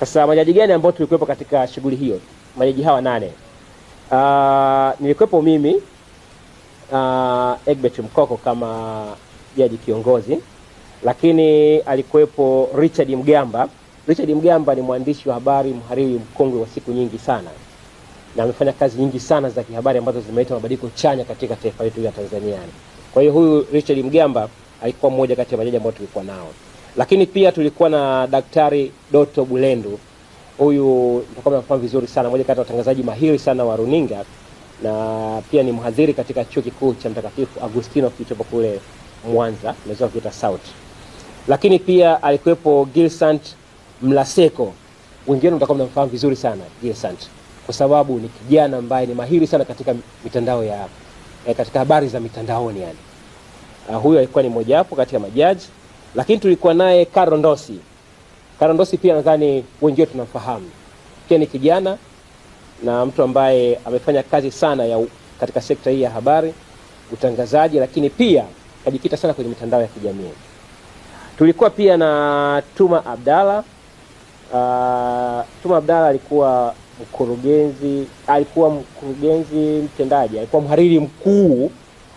Sasa majaji gani ambao tulikuwepo katika shughuli hiyo? Majaji hawa nane. Uh, nilikuwepo mimi uh, Egbert Mkoko kama jaji kiongozi, lakini alikuwepo Richard Mgamba. Richard Mgamba ni mwandishi wa habari, mhariri mkongwe wa siku nyingi sana, na amefanya kazi nyingi sana za kihabari ambazo zimeleta mabadiliko chanya katika taifa letu la Tanzania. Kwa hiyo huyu Richard Mgamba alikuwa mmoja kati ya majaji ambao tulikuwa nao. Lakini pia tulikuwa na Daktari Doto Bulendu, huyu mtakuwa mnafahamu vizuri sana, moja kati ya watangazaji mahiri sana wa runinga na pia ni mhadhiri katika chuo kikuu cha Mtakatifu Agustino kilichopo kule Mwanza, naweza kuita South. Lakini pia alikuwepo Gilsant Mlaseko, wengine mtakuwa mnamfahamu vizuri sana Gilsant kwa sababu ni kijana ambaye ni mahiri sana katika mitandao ya eh, katika habari za mitandaoni yani. Uh, huyo alikuwa ni mmoja kati ya majaji lakini tulikuwa naye Karo Ndosi. Karo Ndosi pia nadhani wengi wetu tunamfahamu, pia ni kijana na mtu ambaye amefanya kazi sana ya katika sekta hii ya habari, utangazaji, lakini pia kajikita sana kwenye mitandao ya kijamii. Tulikuwa pia na Tuma Abdalla. Uh, Tuma Abdalla alikuwa mkurugenzi alikuwa mkurugenzi mtendaji, alikuwa mhariri mkuu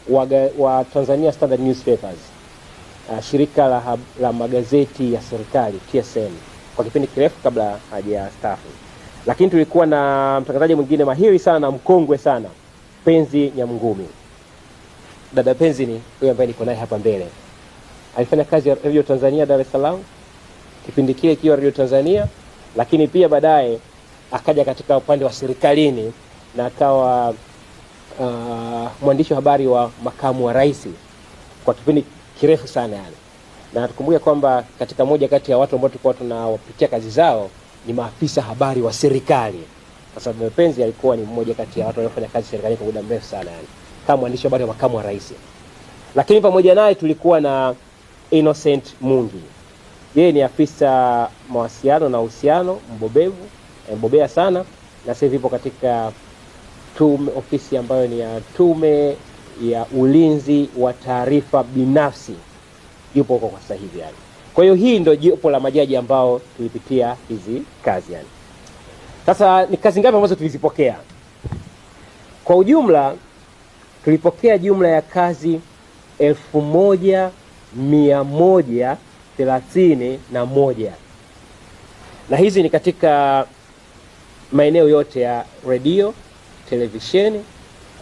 wa, wa Tanzania Standard Newspapers uh, shirika la, la magazeti ya serikali TSN kwa kipindi kirefu kabla hajastaafu, lakini tulikuwa na mtangazaji mwingine mahiri sana na mkongwe sana Penzi Nyamngumi. Dada Penzi ni huyo ambaye niko naye hapa mbele, alifanya kazi ya Radio Tanzania Dar es Salaam, kipindi kile ikiwa Radio Tanzania, lakini pia baadaye akaja katika upande wa serikalini na akawa uh, mwandishi wa habari wa makamu wa rais kwa kipindi kirefu sana yani, na tukumbuke kwamba katika moja kati ya watu ambao tulikuwa tunawapitia kazi zao ni maafisa habari wa serikali, kwa sababu Mpenzi alikuwa ni mmoja kati ya watu waliofanya kazi serikalini kwa muda mrefu sana yani, kama mwandishi habari wa makamu wa rais. Lakini pamoja naye tulikuwa na Innocent Mungi, yeye ni afisa mawasiliano na uhusiano mbobevu, eh, mbobea sana, na sasa hivi katika tume ofisi ambayo ni ya tume ya ulinzi wa taarifa binafsi yupo huko kwa sasa hivi yani. Kwa hiyo hii ndio jopo la majaji ambao tulipitia hizi kazi yani. Sasa ni kazi ngapi ambazo tulizipokea? Kwa ujumla tulipokea jumla ya kazi elfu moja mia moja thelathini na moja na hizi ni katika maeneo yote ya redio, televisheni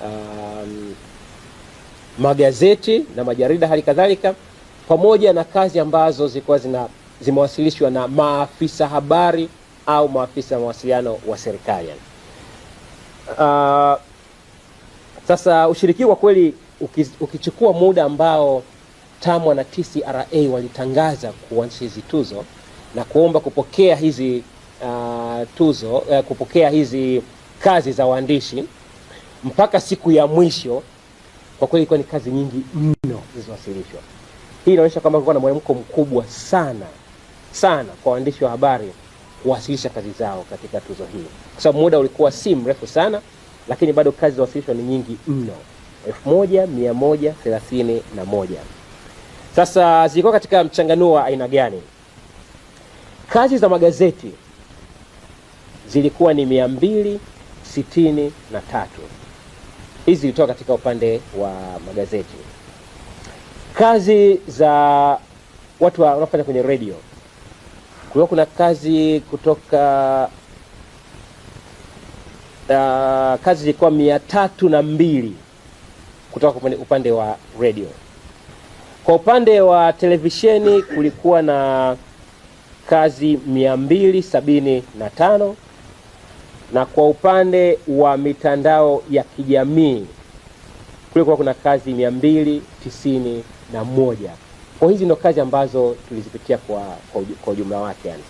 um, magazeti na majarida hali kadhalika, pamoja na kazi ambazo zilikuwa zina zimewasilishwa na maafisa habari au maafisa mawasiliano wa serikali. Uh, sasa ushiriki kwa kweli ukichukua muda ambao TAMWA na TCRA walitangaza kuanzisha hizi tuzo na kuomba kupokea hizi uh, tuzo uh, kupokea hizi kazi za waandishi mpaka siku ya mwisho kwa kweli ilikuwa ni kazi nyingi mno zilizowasilishwa. Hii inaonyesha kwamba kulikuwa na mwamko mkubwa sana sana kwa waandishi wa habari kuwasilisha kazi zao katika tuzo hii, kwa sababu muda ulikuwa si mrefu sana, lakini bado kazi zilizowasilishwa ni nyingi mno, 1131. Sasa zilikuwa katika mchanganuo wa aina gani? Kazi za magazeti zilikuwa ni 263 Hizi zilitoka katika upande wa magazeti. Kazi za watu wanaofanya kwenye redio, kulikuwa kuna kazi kutoka uh, kazi zilikuwa mia tatu na mbili kutoka upande, upande wa redio. Kwa upande wa televisheni kulikuwa na kazi mia mbili sabini na tano na kwa upande wa mitandao ya kijamii kulikuwa kuna kazi mia mbili tisini na moja. Kwa hizi ndo kazi ambazo tulizipitia kwa, kwa, ujumla wake yani.